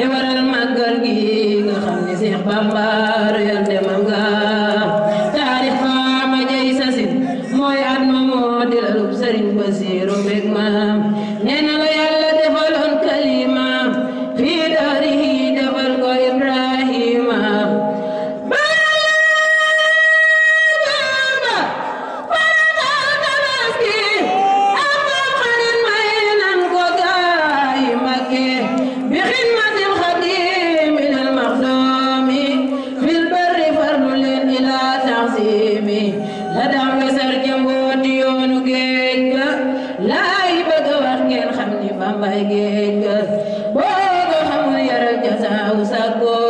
li waral màggal gi nga xam ni Seex Bamba royal demam nga taarix fa ma jey sasin mooy at ma moo di lalub Sëriñ Basiiru mbég maam nee na la léegi boo ko xamul yaral jasaa u sàkkoo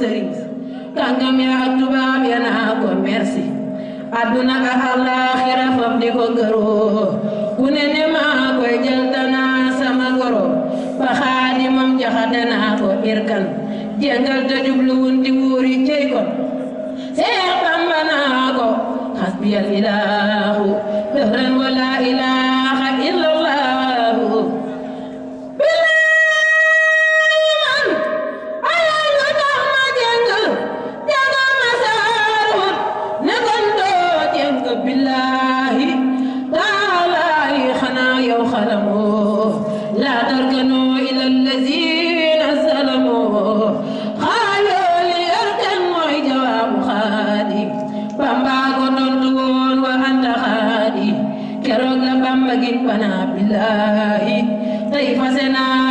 sëriñ kàngam ya tubaab ya naa ko merci àdduna ak àllaaxira fab di ko gëroo ku ne ne maa goro fa xaadi moom jaxate naa irkan jengal te jubluwun di wuuri cey ko seex Bamba naa ko xasbiyal ilaahu dëran ربنا بالله طيب سنا